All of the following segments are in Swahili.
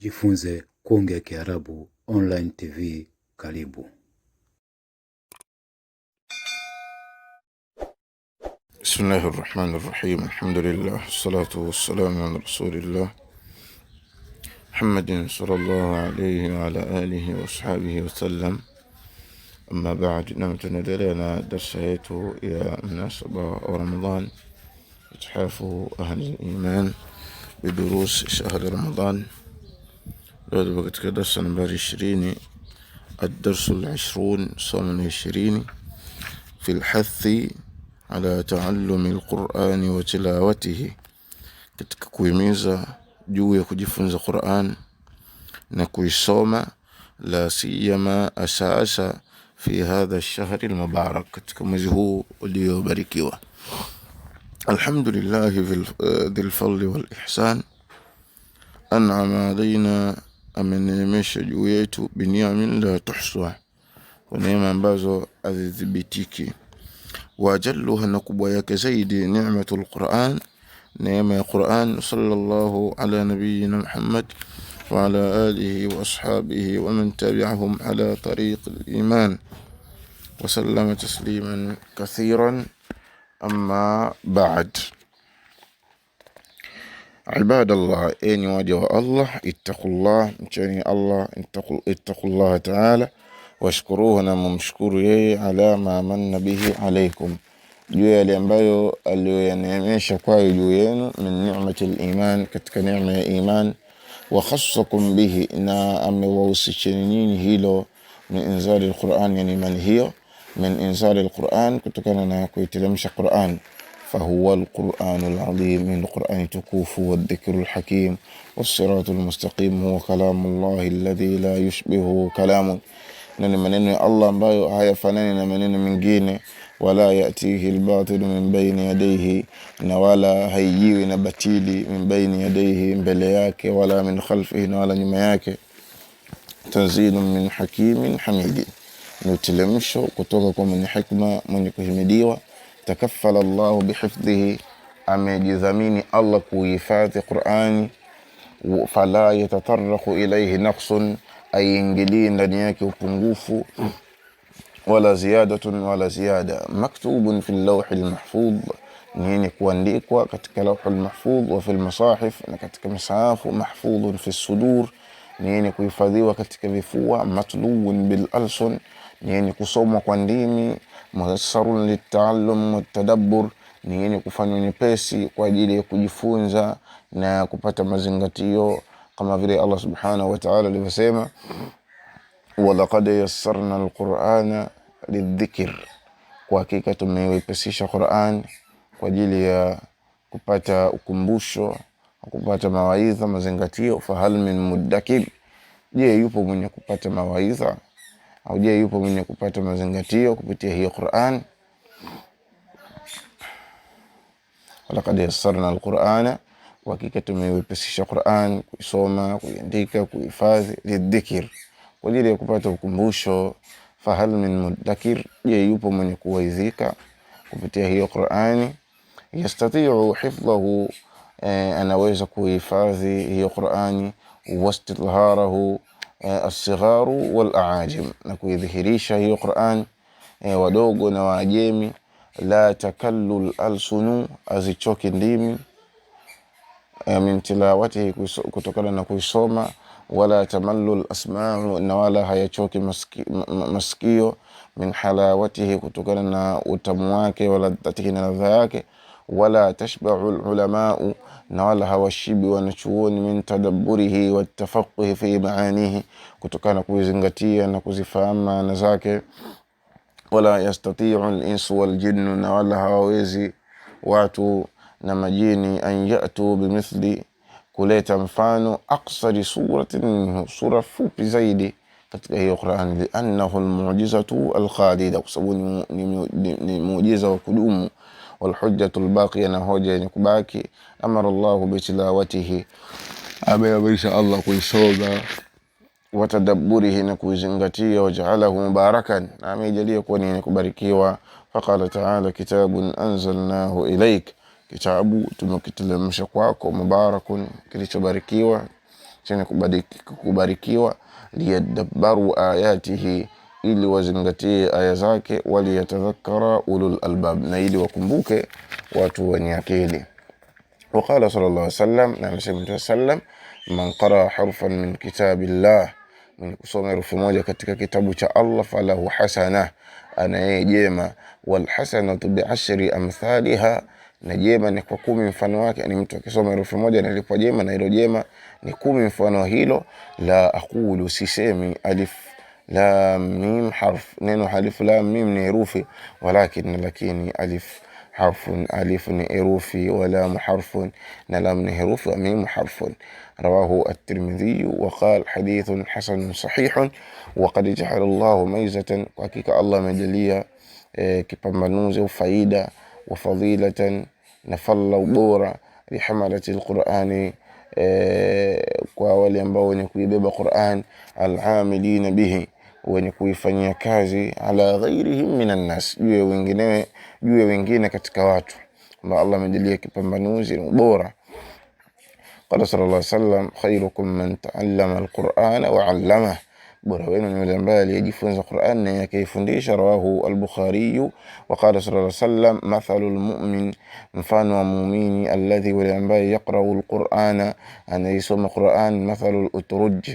Jifunze Kuongea Kiarabu Online TV karibu. Bismillahi rahmani rahim, alhamdulillah wassalatu wassalamu ala rasulillah Muhammadin sallallahu alayhi wa ala alihi wa ashabihi wasallam. Amma baad, na tunaendelea na darsa yetu ya mnasaba wa Ramadhan, ithafu ahli liman bidurusi shahri Ramadhan. بعد وقت كده السنة بعد عشريني الدرس العشرون سنة عشريني في الحث على تعلم القرآن وتلاوته كتك كويميزة جوي كجفنز القرآن نكوي صوما لا سيما أساسا في هذا الشهر المبارك كتك مزهو وليو بركيوة الحمد لله ذي الفضل والإحسان أنعم علينا amenelemesha juu yetu binyamin la tuhsua, kwa neema ambazo hazithibitiki. Waajaluha, na kubwa yake zaidi, nimatu lquran, neema ya Quran. Sallallahu ala nabiyina Muhammad wa ala alihi wa ashabihi wa man tabi'ahum ala tariq al-iman wa sallama tasliman kathiran, amma ba'd Ibadallah, enyi waja wa Allah, ittaqullah, mcheni Allah, ittaqullaha taala washkuruhu, na mumshukuru yeye, ala ma manna bihi alaikum, juu yale ambayo aliyoyaneemesha kwayo juu yenu, min ni'mati liman, katika neema ya iman, wa khassakum bihi, na amewahusisheni nyinyi hilo, min inzali lquran, yani imani hiyo, min inzali lquran, kutokana na kuitelemsha Quran فهو القرآن العظيم من القرآن التكوف والذكر الحكيم والصراط المستقيم هو كلام الله الذي لا يشبهه كلام na ni maneno ya Allah ambayo hayafanani na maneno mengine, wala yatihi lbatilu min baini yadaihi, na wala haijiwi na batili, min baini yadaihi, mbele yake, wala min khalfihi, na wala nyuma yake. Tanzilu min hakimin hamidi, ni utelemsho kutoka kwa mwenye hikma mwenye kuhimidiwa. تكفل الله بحفظه أما جزمين الله كويفات قرآن فلا يتطرق إليه نقص أي إنجلين لنياك وبنغوف ولا زيادة ولا زيادة مكتوب في اللوح المحفوظ نيني كوانديكوا كتك لوح المحفوظ وفي المصاحف كتك مصحف محفوظ في الصدور نيني كويفاذي وكتك بفوة مطلوب بالألسن ni yenye kusomwa kwa ndimi, muyassarun litaallum watadabbur, ni yenye kufanywa nyepesi kwa ajili ya kujifunza na kupata mazingatio, kama vile Allah subhanahu wa ta'ala alivyosema, walaqad yassarna alqur'ana lidhikr, kwa hakika tumeiwepesisha Qur'an kwa ajili ya kupata ukumbusho, kupata mawaidha, mazingatio. Fahal min mudakir, je, yupo mwenye kupata mawaidha? au yupo mwenye kupata mazingatio kupitia hiyo Qur'an? Walaqad yassarna alqur'ana, kwa hakika tumewepesisha Qur'an kuisoma, kuiandika, kuhifadhi, lidhikr, kwa ajili ya kupata ukumbusho. Fahal min mudakir, je, yupo mwenye kuwaidhika kupitia hiyo Qur'ani? Yastatiu hifdhahu, eh, anaweza kuhifadhi hiyo Qur'ani, wastidharahu alsigharu walaajim, na kuidhihirisha hiyo Qur'an eh, wadogo na Waajemi. La takallu alsunu, azichoki ndimi eh, min tilawatihi, kutokana na kuisoma. Wala tamallu lasmau, na wala hayachoki masikio min halawatihi, kutokana na utamu wake. Wala tatikina na ladha yake. Wala tashbau lulamau na wala hawashibi wanachuoni min tadaburihi watafaquhi fi maanihi, kutokana na kuzingatia na kuzifahamu maana zake. Wala yastatiu linsu waljinnu, na wala hawawezi watu na majini an yatu bimithli, kuleta mfano aksari suratin minhu, sura fupi zaidi katika hiyo Qurani, liannahu lmujizatu alkhalida, kwa sababu ni muujiza wa kudumu walhujjatu lbaqiya, na hoja yenye kubaki. Amara llahu bitilawatihi, ameamrisha Allah kuisoma watadaburihi na kuizingatia. Wajaalahu mubarakan, na ameijalia kuwa ni yenye kubarikiwa. Faqala taala kitabun anzalnahu ilaik, kitabu tumekiteremsha kwako. Mubarakun, kilichobarikiwa, chenye kubarikiwa. Liyadabbaru ayatihi ili wazingatie aya zake, waliyatadhakara ulul albab, na ili wakumbuke watu wenye akili. Waqala sallallahu alayhi wasallam, na amesema Mtume sallam, man qara harfan min kitabillah, mwenye kusoma herufi moja katika kitabu cha Allah, falahu hasana, anaye jema. Walhasanatu biashri amthaliha na jema ni kwa kumi mfano wake. Ni mtu akisoma herufi moja analipwa jema, na hilo jema ni kumi mfano hilo. La aqulu, sisemi alif لا ميم حرف نينو حلف لا ميم نيروفي ولكن لكن ألف حرف ألف نيروفي ولا حرف نلام نيروفي وميم حرف رواه الترمذي وقال حديث حسن صحيح وقد جعل الله ميزة وكيك الله مجلية آه، كبمنوز وفايدة وفضيلة نفل بورا لحملة القرآن kwa wale ambao wenye kuibeba Qur'an wenye kuifanyia kazi ala ghairihim min annas, juu ya wengine, juu ya wengine katika watu, kwamba Allah amejalia kipambanuzi ni ubora. Qala sallallahu alaihi wasallam, khairukum man taallama alqur'ana wa 'allama, bora wenu ni yule ambaye aliyejifunza Qur'an na akaifundisha. Rawahu al-Bukhari. Wa qala sallallahu alaihi wasallam, mathalu al-mu'min, mfano wa muumini, alladhi, yule ambaye yaqra'u al-Qur'ana, anaisoma Qur'an, mathalu al-utruj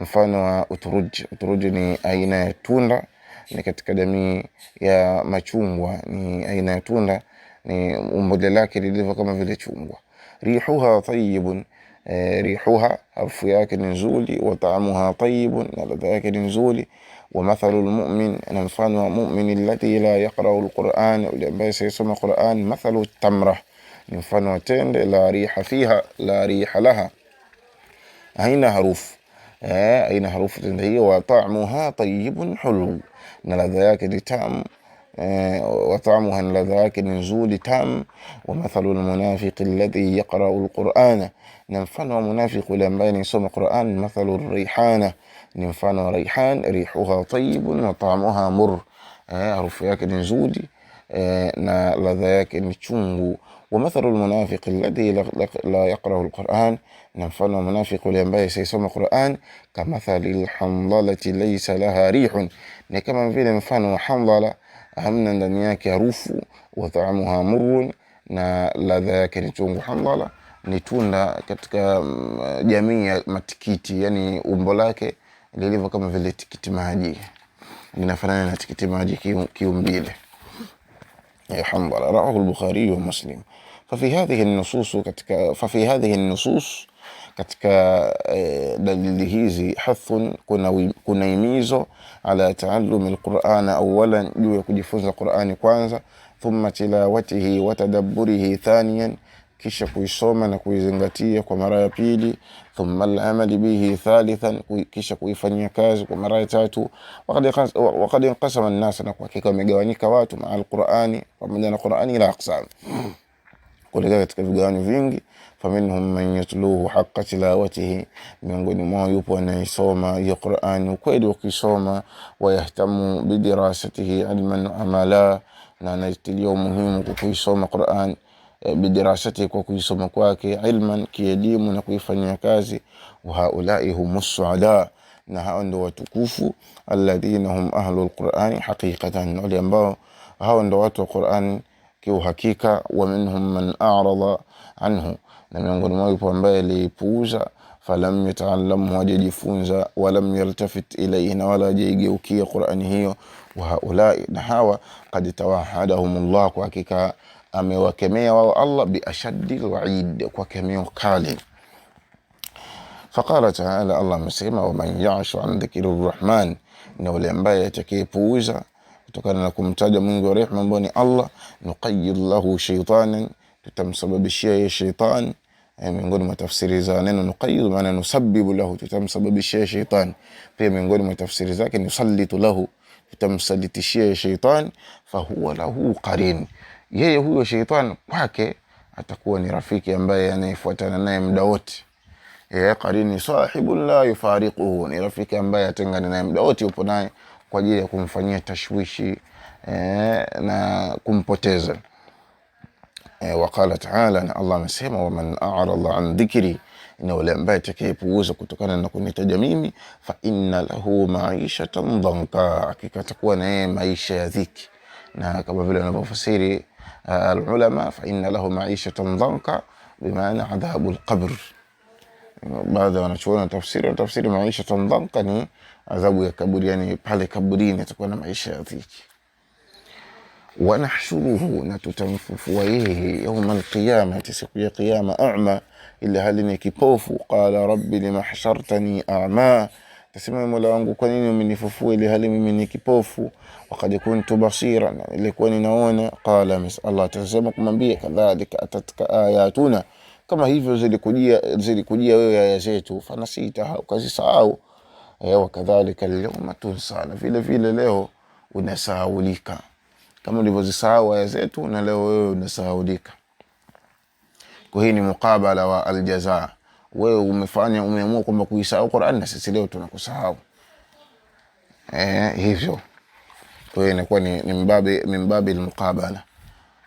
mfano wa uturuji. Uturuji ni aina ya tunda, ni katika jamii ya machungwa, ni aina ya tunda, ni umbile lake lilivyo kama vile chungwa. Rihuha tayibun e, rihuha harufu yake ni nzuri, wa taamuha tayibun, na ladha yake ni nzuri. Wa mathalu na mfano wa mumin alladhi la yaqrau alquran, yule ambaye asiyesoma Quran. Mathalu tamra, ni mfano wa tende. La riha fiha, la riha laha, haina harufu آه، أين حروف التنبيه وطعمها طيب حلو نال لذاك تام آه، وطعمها لذاك نزول تام ومثل المنافق الذي يقرأ القرآن ننفن ومنافق لما ينسوم القرآن مثل الريحانة ننفن وريحان ريحها طيب وطعمها مر أعرف آه، ياك نزولي na ladha ومثل المنافق الذي لا يقرأ القرآن نفعل منافق ambaye saisoma Qur'an kamathali alhamlalati laysa laha rihun, ni kama vile mfano wa hamlala hamna ndani yake harufu, wa taamuha murrun, na ladha yake ni chungu. Hamlala ni tunda katika jamii ya matikiti, yani umbo lake lilivyo kama vile tikiti fafi هذه النصوص كتك ففي هذه nusus katika e, dalili hizi hathun, kuna, kuna imizo ala taalumi lqurana awalan, juu ya kujifunza Qurani kwanza, thumma tilawatihi wa tadabburihi kisha kuisoma na kuizingatia kwa mara ya pili, thumma alamali bihi thalithan, kisha kuifanyia kazi kwa mara ya tatu. waqad inqasama nnasa, na kwa hakika wamegawanyika watu maa alqurani pamoja na Qurani ila aqsam kuelekea katika vigawanyo vingi. Faminhum man yatluhu haqa tilawatihi, miongoni mwao yupo anayesoma hiyo Qurani ukweli wakisoma. Wayahtamu bidirasatihi ilman amala, na anaitilia umuhimu kwa kuisoma Qurani e, bidirasatihi, kwa kuisoma kwake, ilman kielimu, na kuifanyia kazi. Wahaulai hum suada, na hao ndo watukufu. Alladhina hum ahlu lqurani haqiqatan, wale ambao hao ndo watu wa Qurani kiuhakika. Wa minhum man arada anhu, na miongoni mwao yupo ambaye aliipuuza Falam yataallamhu, hajajifunza. Walam yaltafit ilaihi, na wala hajaigeukia Qurani hiyo. wahaulai haulai, na hawa kad tawahadahum llah, kwa hakika amewakemea wao Allah biashaddi lwaid, kwa kemeo kali. Faqala taala, Allah amesema waman yashu an dhikri rrahman, na ule ambaye atakayepuuza kutokana na kumtaja mwingi wa rehma ambaye ni Allah, nuqayyid lahu shaitanan, tutamsababishia ye shaitan. Eh, miongoni mwa tafsiri za neno nuqayyid, maana nusabbibu lahu, tutamsababishia shaitan. Pia miongoni mwa tafsiri zake ni sallitu lahu, tutamsalitishia shaitan. Fahuwa lahu qarin, yeye huyo shaitan kwake atakuwa ni rafiki ambaye anayefuatana naye muda wote. Eh, Qarini sahibun la yufariquhu, ni rafiki ambaye atengana naye muda wote, yupo naye kwa ajili ya kumfanyia tashwishi eh, na kumpoteza eh, waqala taala, na Allah amesema waman arada an dhikri na wale ambaye atakayepuuza kutokana na kunitaja mimi, fa inna lahu maishatan dhanka, hakika atakuwa na yeye maisha ya dhiki. Na kama vile wanavyofasiri eh, alulama, fa inna lahu maishatan dhanka bimaana adhabu alqabr. Baadhi wanachuona tafsiri tafsiri maishatan dhanka ni adhabu ya kaburi, yani pale kaburini atakuwa na maisha ya dhiki. Wanahshuruhu, na tutamfufua yeye yauma alqiyamati, siku ya Kiyama, ama ili hali ni kipofu. Qala rabbi lima hashartani ama, tasema mola wangu, kwa nini umenifufua ili hali mimi ni kipofu? Wakad kuntu basira, na ninaona. Qala Allah tasema kumwambia, kadhalika atatka ayatuna, kama hivyo zilikujia wewe aya zetu, fanasitaha, ukazisahau Eh, wakadhalika lyauma tunsa, na vile vile leo unasahaulika kama ulivyozisahau aya zetu, na leo wewe unasahaulika. Kwa hii ni mukabala wa aljaza, Wewe umefanya umeamua kwamba kuisahau Qur'an, na sisi leo tunakusahau eh, hivyo. Kwa hiyo inakuwa ni mimbabi mimbabi almuqabala,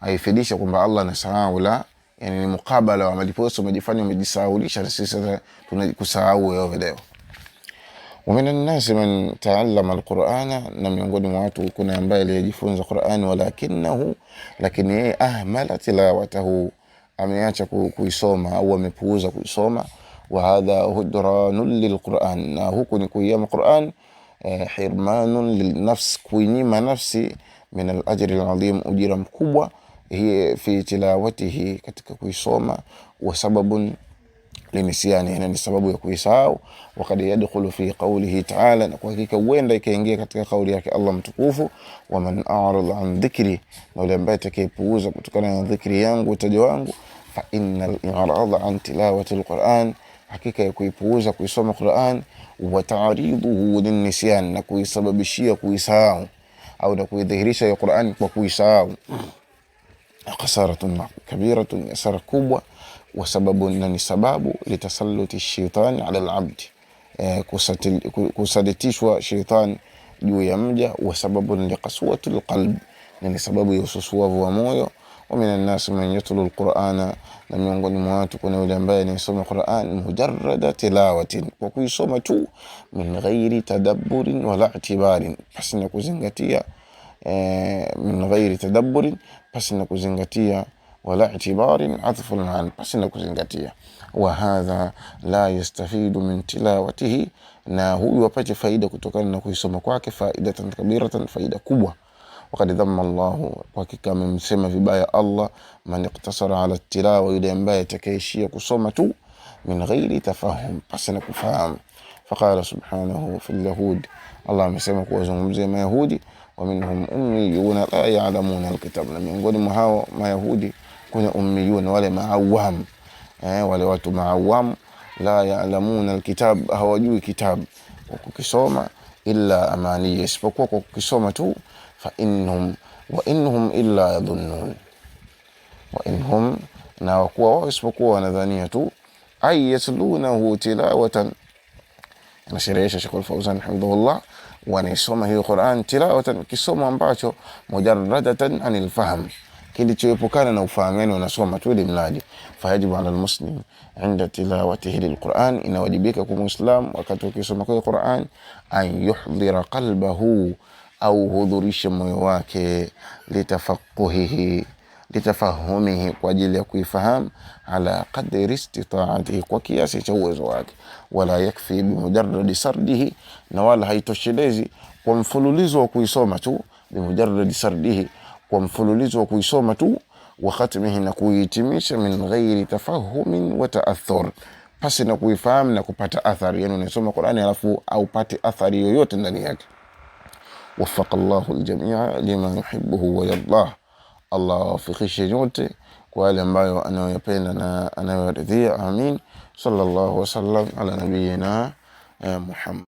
aifidisha kwamba Allah anasahau la yani ni mukabala wa malipo, umejifanya umejisahulisha, na sisi tunakusahau wewe leo wamin annasi man taallama alqurana, na miongoni mwa watu kuna ambaye aliyejifunza Qurani walakinahu, lakini yeye ahmala tilawatahu, ameacha kuisoma au amepuuza kuisoma. Wa hadha hudranun lilquran, na huku ni kuiama Quran. Eh, hirmanun lilnafs, kuinyima nafsi min alajri aladhim, ujira mkubwa. Hiye fi tilawatihi, katika kuisoma. Wa sababun linisyanihi, na ni sababu ya kuisahau. Wakad yadkhulu fi qawlihi taala, na kwa hakika huenda ikaingia katika kauli yake Allah mtukufu, waman a'rada an dhikri, na yule ambaye atakayepuuza kutokana na dhikri yangu, utajo wangu, fa innal i'rada an tilawati alquran, hakika ya kuipuuza kuisoma Quran, wa ta'riduhu lin-nisyan, na kuisababishia kuisahau au na kuidhihirisha ya Qur'an kwa kuisahau, khasaratun kabiratun, hasara kubwa wa sababu na ni sababu litasalluti shaitan ala alabd, eh, kusaditishwa shaitan juu ya mja wa sababu liqaswati alqalb na ni sababu ya ususuavu wa moyo wa minan nas man yatlu alqur'ana na miongoni mwa watu kuna yule ambaye anasoma Qur'an mujarrada tilawatin kwa kuisoma tu min ghairi tadabburin wala i'tibarin pasina kuzingatia eh, min ghairi tadabburin pasina kuzingatia wala itibarin athfun an, pasi na kuzingatia. Wa hadha la yastafidu min tilawatihi, na huyu apate faida kutokana na kuisoma kwake, faidatan kabiratan, faida kubwa. Wakad dhama Allahu, hakika amemsema vibaya Allah, man iktasara ala tilawa, yule ambaye atakaishia kusoma tu, min ghairi tafahum, pasi na kufahamu. Faqala subhanahu fi lyahud, Allah amesema kuwazungumzia Mayahudi, wa minhum ummiyuna la yalamuna alkitab, na miongoni mwa hao Mayahudi kuna ummiyun, wale maawam eh, wale watu maawam la yaalamuna alkitab, hawajui kitab kwa kukisoma, illa amaniya, isipokuwa kwa kukisoma tu. Fa innahum wa innahum illa yadhunnun, wa innahum, na wakuwa wao isipokuwa wanadhania tu, ay yatlunahu tilawatan, anasherehesha Sheikh Al-Fauzan hamdulillah, wanaisoma hiyo Qur'an tilawatan, kisomo ambacho mujarradatan anil fahm kilichoepukana na ufahamiani, unasoma tu ili mradi. Fayajibu ala lmuslim inda tilawatihi lilquran, inawajibika kwa muislam wakati wakisoma kwa Quran an yuhdhira qalbahu, au hudhurishe moyo wake litafaquhihi litafahumihi kwa ajili ya kuifahamu, ala qadri istitaatihi, kwa kiasi cha uwezo wake. Wala yakfi bimujaradi sardihi, na wala haitoshelezi kwa mfululizo wa kuisoma tu, sardihi kwa mfululizo wa kuisoma tu, wa khatmihi, na kuihitimisha, min ghairi tafahumin wa taathur, pasi na kuifahamu na kupata athari. Yani unasoma Qurani alafu aupate athari yoyote ndani yake. Wafaka llahu ljamia lima yuhibuhu wa yardah, Allah awafikishe nyote kwa yale ambayo anayoyapenda na anayoyaridhia. Amin. Sallallahu wasallam ala nabiyina eh, Muhammad.